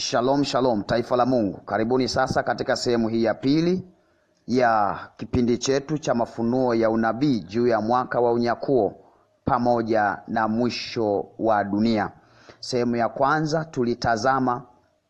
Shalom shalom, taifa la Mungu, karibuni sasa katika sehemu hii ya pili ya kipindi chetu cha mafunuo ya unabii juu ya mwaka wa unyakuo pamoja na mwisho wa dunia. Sehemu ya kwanza tulitazama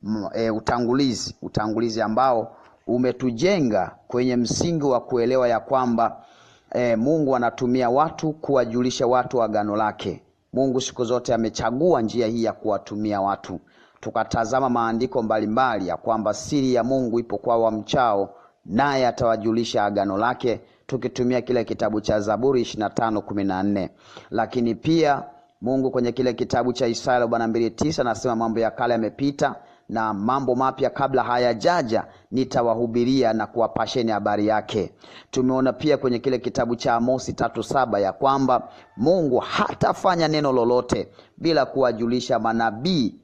mm, e, utangulizi, utangulizi ambao umetujenga kwenye msingi wa kuelewa ya kwamba e, Mungu anatumia watu kuwajulisha watu agano lake. Mungu siku zote amechagua njia hii ya kuwatumia watu tukatazama maandiko mbalimbali ya kwamba siri ya Mungu ipo kwa wamchao, naye atawajulisha agano lake, tukitumia kile kitabu cha Zaburi 25:14 lakini pia Mungu kwenye kile kitabu cha Isaya 42:9 anasema mambo ya kale yamepita na mambo mapya kabla hayajaja, nitawahubiria na kuwapasheni habari yake. Tumeona pia kwenye kile kitabu cha Amosi tatu saba ya kwamba Mungu hatafanya neno lolote bila kuwajulisha manabii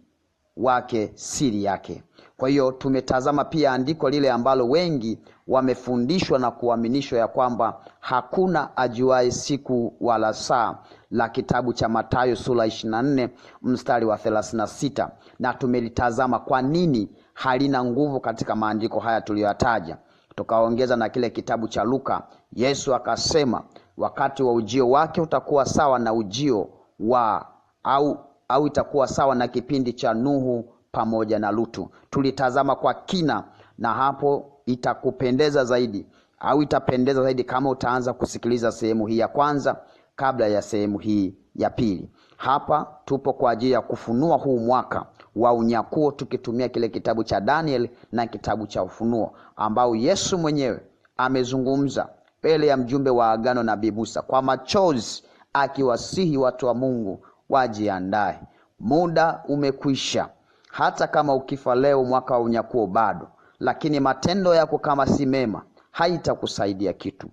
wake siri yake. Kwa hiyo tumetazama pia andiko lile ambalo wengi wamefundishwa na kuaminishwa ya kwamba hakuna ajuae siku wala saa, la kitabu cha Mathayo sura 24 mstari wa 36, na tumelitazama kwa nini halina nguvu katika maandiko haya tuliyoyataja. Tukaongeza na kile kitabu cha Luka, Yesu akasema wakati wa ujio wake utakuwa sawa na ujio wa au au itakuwa sawa na kipindi cha Nuhu pamoja na Lutu. Tulitazama kwa kina, na hapo itakupendeza zaidi au itapendeza zaidi kama utaanza kusikiliza sehemu hii ya kwanza kabla ya sehemu hii ya pili. Hapa tupo kwa ajili ya kufunua huu mwaka wa unyakuo tukitumia kile kitabu cha Daniel na kitabu cha Ufunuo ambao Yesu mwenyewe amezungumza mbele ya mjumbe wa agano Nabii Musa kwa machozi, akiwasihi watu wa Mungu wajiandae, muda umekwisha. Hata kama ukifa leo, mwaka wa unyakuo bado, lakini matendo yako kama si mema, haitakusaidia kitu.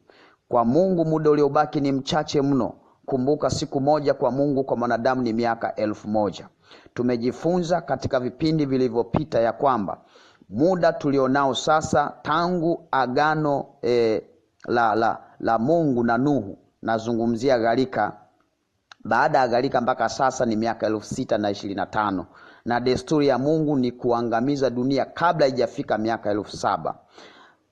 Kwa Mungu muda uliobaki ni mchache mno. Kumbuka, siku moja kwa Mungu, kwa mwanadamu ni miaka elfu moja. Tumejifunza katika vipindi vilivyopita ya kwamba muda tulionao sasa tangu agano e, la, la, la Mungu na Nuhu, nazungumzia gharika baada ya gharika mpaka sasa ni miaka elfu sita na ishirini na tano na desturi ya Mungu ni kuangamiza dunia kabla haijafika miaka elfu saba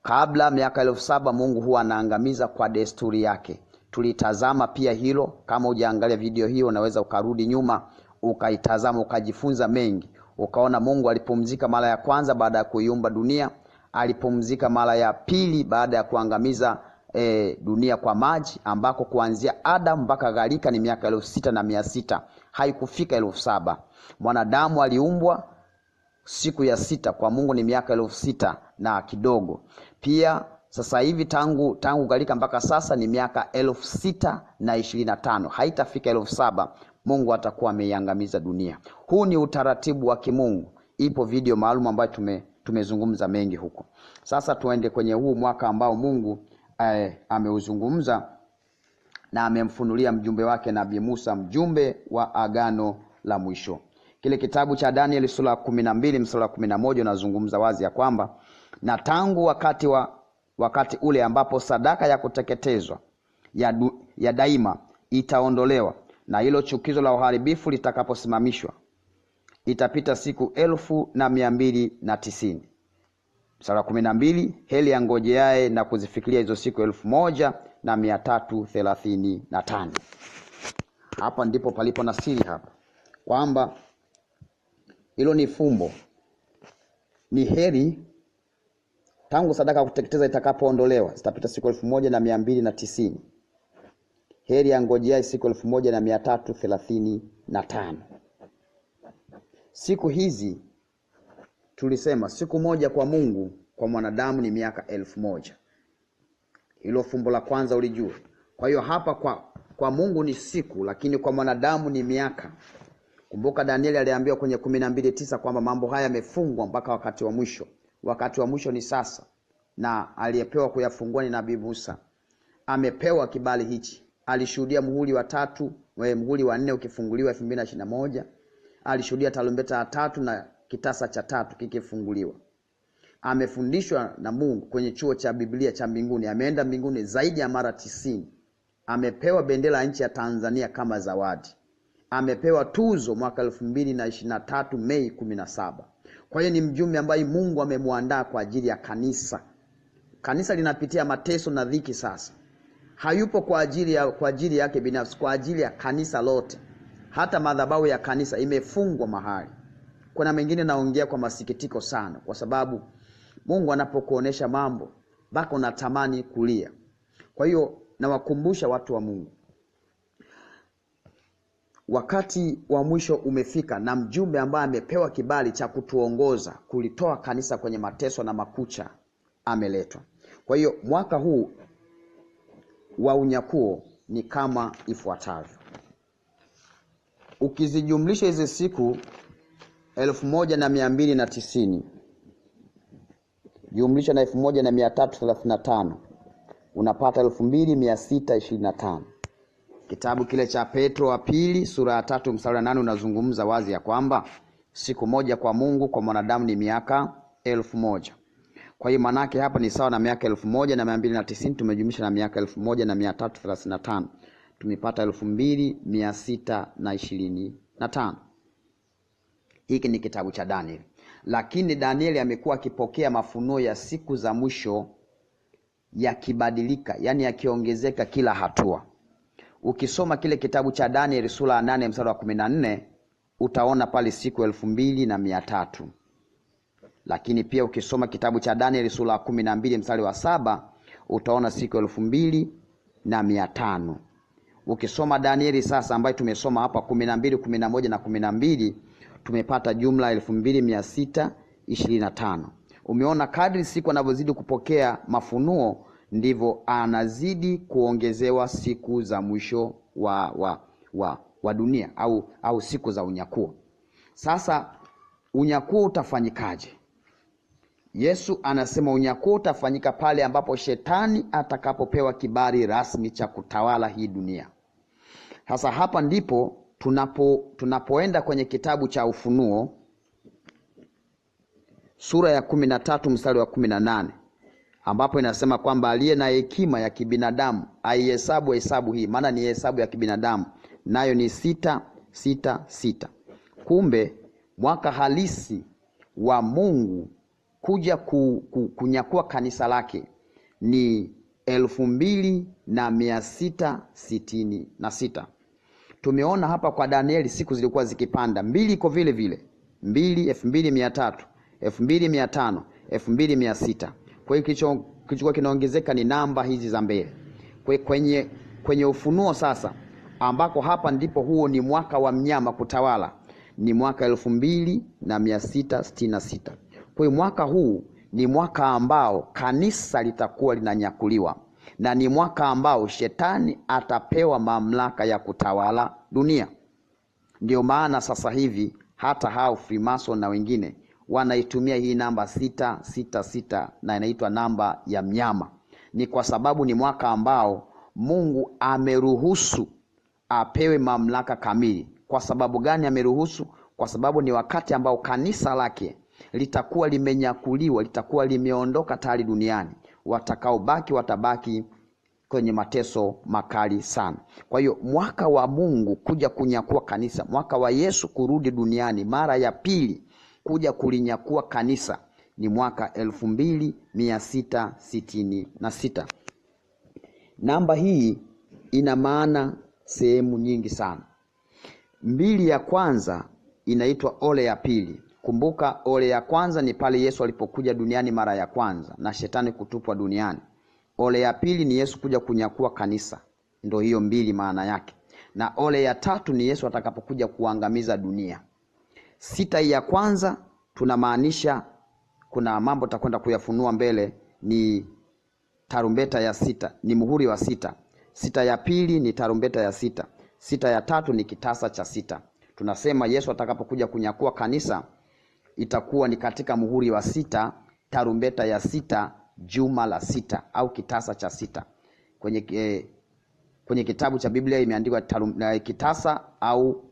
Kabla miaka elfu saba Mungu huwa anaangamiza kwa desturi yake. Tulitazama pia hilo. Kama ujaangalia video hiyo, unaweza ukarudi nyuma ukaitazama ukajifunza mengi, ukaona Mungu alipumzika mara ya kwanza baada ya kuiumba dunia, alipumzika mara ya pili baada ya kuangamiza e, dunia kwa maji ambako kuanzia adam mpaka gharika ni miaka elfu sita na mia sita haikufika elfu saba. Mwanadamu aliumbwa siku ya sita kwa Mungu ni miaka elfu sita na kidogo. Pia sasa hivi tangu tangu gharika mpaka sasa ni miaka elfu sita na ishirini na tano haitafika elfu saba. Mungu atakuwa ameiangamiza dunia. Huu ni utaratibu wa kimungu. Ipo video maalum ambayo tume tumezungumza mengi huko. Sasa tuende kwenye huu mwaka ambao Mungu eh, ameuzungumza na amemfunulia mjumbe wake nabii Musa, mjumbe wa agano la mwisho. Kile kitabu cha Danieli sura ya kumi na mbili mstari wa kumi na moja unazungumza wazi ya kwamba na tangu wakati wa wakati ule ambapo sadaka ya kuteketezwa ya, du, ya daima itaondolewa na hilo chukizo la uharibifu litakaposimamishwa itapita siku elfu na mia mbili na tisini sara kumi na mbili heli ya angojeaye na kuzifikiria hizo siku elfu moja na mia tatu thelathini na tano hapa ndipo palipo na siri hapa kwamba hilo ni fumbo ni heri tangu sadaka ya kuteketeza itakapoondolewa zitapita siku elfu moja na mia mbili na tisini heri yangojeaye siku elfu moja na mia tatu thelathini na tano siku hizi tulisema siku moja kwa mungu kwa mwanadamu ni miaka elfu moja hilo fumbo la kwanza ulijua kwa hiyo hapa kwa kwa mungu ni siku lakini kwa mwanadamu ni miaka kumbuka danieli aliambiwa kwenye kumi na mbili tisa kwamba mambo haya yamefungwa mpaka wakati wa mwisho wakati wa mwisho ni sasa na aliyepewa kuyafungua ni nabii musa amepewa kibali hichi alishuhudia muhuri wa tatu eh, muhuri wa nne ukifunguliwa elfu mbili na ishiri moja alishuhudia tarumbeta ya tatu na kitasa cha tatu kikifunguliwa amefundishwa na mungu kwenye chuo cha biblia cha mbinguni ameenda mbinguni zaidi ya mara tisini amepewa bendera ya nchi ya tanzania kama zawadi amepewa tuzo mwaka elfu mbili na ishirini na tatu mei kumi na saba kwa hiyo ni mjumbe ambaye mungu amemwandaa kwa ajili ya kanisa kanisa linapitia mateso na dhiki sasa hayupo kwa ajili, ya, kwa ajili yake binafsi kwa ajili ya kanisa lote hata madhabau ya kanisa imefungwa mahali kuna mengine naongea kwa masikitiko sana, kwa sababu Mungu anapokuonyesha mambo bako natamani kulia. Kwa hiyo nawakumbusha watu wa Mungu, wakati wa mwisho umefika, na mjumbe ambaye amepewa kibali cha kutuongoza kulitoa kanisa kwenye mateso na makucha ameletwa. Kwa hiyo mwaka huu wa unyakuo ni kama ifuatavyo, ukizijumlisha hizi siku elfu moja na mia mbili na tisini jumlisha na elfu moja na mia tatu thelathini na tano unapata elfu mbili mia sita ishirini na tano Kitabu kile cha Petro wa pili sura ya tatu mstari wa nane unazungumza wazi ya kwamba siku moja kwa Mungu kwa mwanadamu ni miaka elfu moja. Kwa hiyo maanake hapa ni sawa na miaka elfu moja na mia mbili na tisini tumejumlisha na miaka elfu moja na mia tatu thelathini na tano tumepata elfu mbili mia sita na ishirini na tano. Hiki ni kitabu cha Danieli, lakini Danieli amekuwa akipokea mafunuo ya siku za mwisho yakibadilika, yani yakiongezeka kila hatua. Ukisoma kile kitabu cha Danieli sura ya 8 mstari wa 14 na utaona pale siku elfu mbili na mia tatu lakini pia ukisoma kitabu cha Danieli sura ya kumi na mbili mstari wa saba utaona siku elfu mbili na mia tano ukisoma Danieli sasa ambayo tumesoma hapa kumi na mbili kumi na moja na kumi na mbili tumepata jumla 2625 umeona kadri siku anavyozidi kupokea mafunuo ndivyo anazidi kuongezewa siku za mwisho wa wa wa, wa dunia au au siku za unyakuo sasa unyakuo utafanyikaje yesu anasema unyakuo utafanyika pale ambapo shetani atakapopewa kibali rasmi cha kutawala hii dunia sasa hapa ndipo tunapo tunapoenda kwenye kitabu cha Ufunuo sura ya kumi na tatu mstari wa kumi na nane ambapo inasema kwamba aliye na hekima ya kibinadamu aihesabu hesabu hii, maana ni hesabu ya kibinadamu, nayo ni sita sita sita. Kumbe mwaka halisi wa Mungu kuja ku, ku, kunyakua kanisa lake ni elfu mbili na mia sita sitini na sita tumeona hapa kwa Danieli siku zilikuwa zikipanda, mbili iko vile vile, mbili, elfu mbili mia tatu, elfu mbili mia tano, elfu mbili mia sita. Kwa hiyo kilichokuwa kinaongezeka ni namba hizi za mbele kwenye, kwenye Ufunuo sasa, ambako hapa ndipo huo ni mwaka wa mnyama kutawala, ni mwaka elfu mbili na mia sita sitini na sita. Kwa hiyo mwaka huu ni mwaka ambao kanisa litakuwa linanyakuliwa na ni mwaka ambao shetani atapewa mamlaka ya kutawala dunia. Ndio maana sasa hivi hata hao Freemason na wengine wanaitumia hii namba sita sita sita na inaitwa namba ya mnyama. Ni kwa sababu ni mwaka ambao Mungu ameruhusu apewe mamlaka kamili. Kwa sababu gani ameruhusu? Kwa sababu ni wakati ambao kanisa lake litakuwa limenyakuliwa, litakuwa limeondoka tayari duniani watakaobaki watabaki kwenye mateso makali sana. Kwa hiyo mwaka wa Mungu kuja kunyakua kanisa, mwaka wa Yesu kurudi duniani mara ya pili kuja kulinyakua kanisa ni mwaka elfu mbili mia sita sitini na sita. Namba hii ina maana sehemu nyingi sana. Mbili ya kwanza inaitwa ole ya pili, Kumbuka ole ya kwanza ni pale Yesu alipokuja duniani mara ya kwanza na shetani kutupwa duniani. Ole ya pili ni Yesu kuja kunyakua kanisa, ndo hiyo mbili maana yake, na ole ya tatu ni Yesu atakapokuja kuangamiza dunia. Sita ya kwanza tunamaanisha kuna mambo takwenda kuyafunua mbele, ni tarumbeta ya sita, ni muhuri wa sita. Sita ya pili ni tarumbeta ya sita. Sita ya tatu ni kitasa cha sita. Tunasema Yesu atakapokuja kunyakua kanisa itakuwa ni katika muhuri wa sita, tarumbeta ya sita, juma la sita au kitasa cha sita. Kwenye, eh, kwenye kitabu cha Biblia imeandikwa eh, kitasa au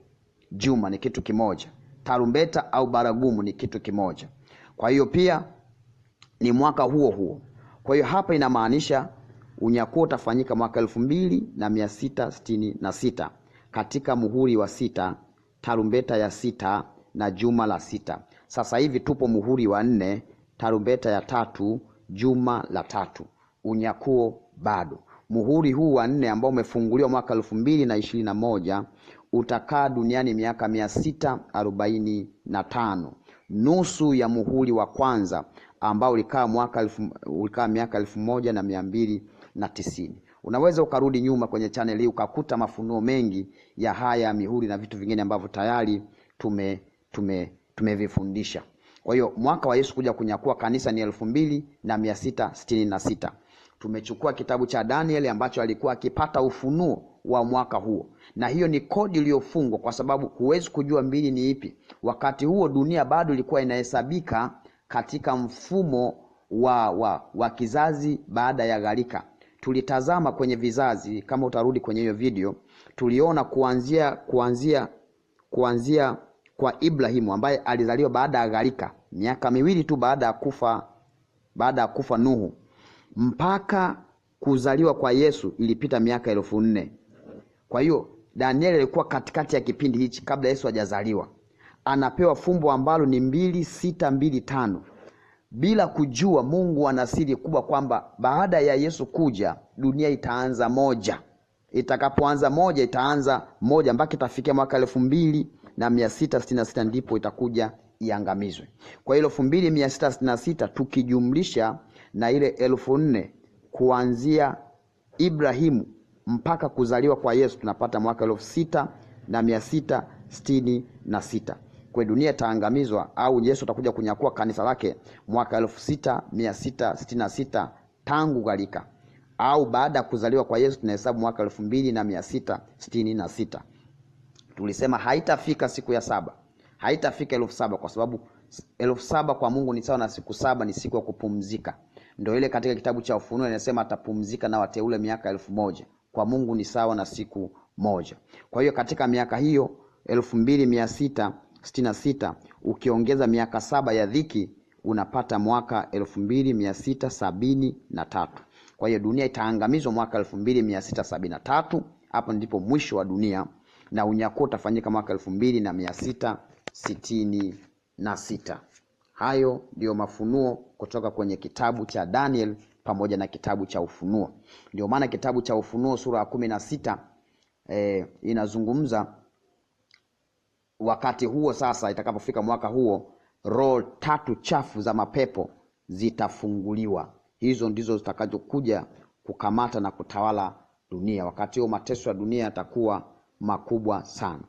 juma ni kitu kimoja, tarumbeta au baragumu ni kitu kimoja. Kwa hiyo pia ni mwaka huo huo. Kwa hiyo hapa inamaanisha unyakuo utafanyika mwaka elfu mbili na mia sita sitini na sita katika muhuri wa sita, tarumbeta ya sita na juma la sita. Sasa hivi tupo muhuri wa nne, tarumbeta ya tatu, juma la tatu, unyakuo bado. Muhuri huu wa nne ambao umefunguliwa mwaka elfu mbili na ishirini na moja utakaa duniani miaka mia sita arobaini na tano. Nusu ya muhuri wa kwanza ambao ulikaa mwaka elfu, ulikaa miaka elfu moja na mia mbili na tisini. Unaweza ukarudi nyuma kwenye chaneli hii ukakuta mafunuo mengi ya haya mihuri na vitu vingine ambavyo tayari tume tume tumevifundisha kwa hiyo mwaka wa yesu kuja kunyakua kanisa ni elfu mbili na mia sita sitini na sita tumechukua kitabu cha danieli ambacho alikuwa akipata ufunuo wa mwaka huo na hiyo ni kodi iliyofungwa kwa sababu huwezi kujua mbili ni ipi wakati huo dunia bado ilikuwa inahesabika katika mfumo wa wa, wa kizazi baada ya gharika tulitazama kwenye vizazi kama utarudi kwenye hiyo video tuliona kuanzia kuanzia kuanzia kwa Ibrahimu ambaye alizaliwa baada ya gharika, miaka miwili tu baada ya kufa baada ya kufa Nuhu, mpaka kuzaliwa kwa Yesu ilipita miaka elfu nne. Kwa hiyo Danieli alikuwa katikati ya kipindi hichi kabla Yesu hajazaliwa, anapewa fumbo ambalo ni mbili sita mbili tano bila kujua Mungu ana siri kubwa kwamba baada ya Yesu kuja dunia itaanza moja. Itakapoanza moja, itaanza moja mpaka itafikia mwaka elfu mbili na mia sita sitini na sita ndipo itakuja iangamizwe. Kwa hiyo elfu mbili mia sita sitini na sita tukijumlisha na ile elfu nne kuanzia Ibrahimu mpaka kuzaliwa kwa Yesu tunapata mwaka elfu sita na mia sita sitini na sita kwa dunia itaangamizwa au Yesu atakuja kunyakua kanisa lake mwaka elfu sita mia sita sitini na sita tangu gharika au baada ya kuzaliwa kwa Yesu tunahesabu mwaka elfu mbili na mia sita sitini na sita tulisema haitafika siku ya saba, haitafika elfu saba kwa sababu elfu saba kwa Mungu ni sawa na siku saba, ni siku ya kupumzika. Ndio ile katika kitabu cha Ufunuo inasema atapumzika na wateule miaka elfu moja kwa Mungu ni sawa na siku moja. Kwa hiyo katika miaka hiyo elfu mbili mia sita sitini na sita ukiongeza miaka saba ya dhiki unapata mwaka elfu mbili mia sita sabini na tatu. Kwa hiyo dunia itaangamizwa mwaka elfu mbili mia sita sabini na tatu. Hapo ndipo mwisho wa dunia na unyakuo utafanyika mwaka elfu mbili na mia sita sitini na sita. Hayo ndiyo mafunuo kutoka kwenye kitabu cha Daniel pamoja na kitabu cha Ufunuo. Ndio maana kitabu cha Ufunuo sura ya kumi na sita e, inazungumza wakati huo sasa, itakapofika mwaka huo, roho tatu chafu za mapepo zitafunguliwa. Hizo ndizo zitakazokuja kukamata na kutawala dunia. Wakati huo mateso ya dunia yatakuwa makubwa sana.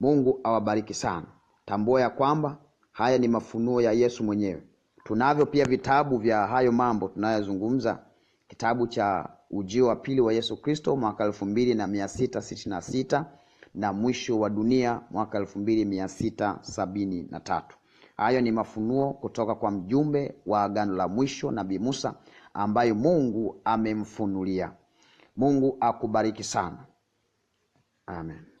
Mungu awabariki sana. Tambua ya kwamba haya ni mafunuo ya Yesu mwenyewe. Tunavyo pia vitabu vya hayo mambo tunayozungumza, kitabu cha ujio wa pili wa Yesu Kristo mwaka elfu mbili na mia sita sitini na sita na mwisho wa dunia mwaka elfu mbili mia sita sabini na tatu. Hayo ni mafunuo kutoka kwa mjumbe wa agano la mwisho Nabii Musa ambayo Mungu amemfunulia. Mungu akubariki sana. Amen.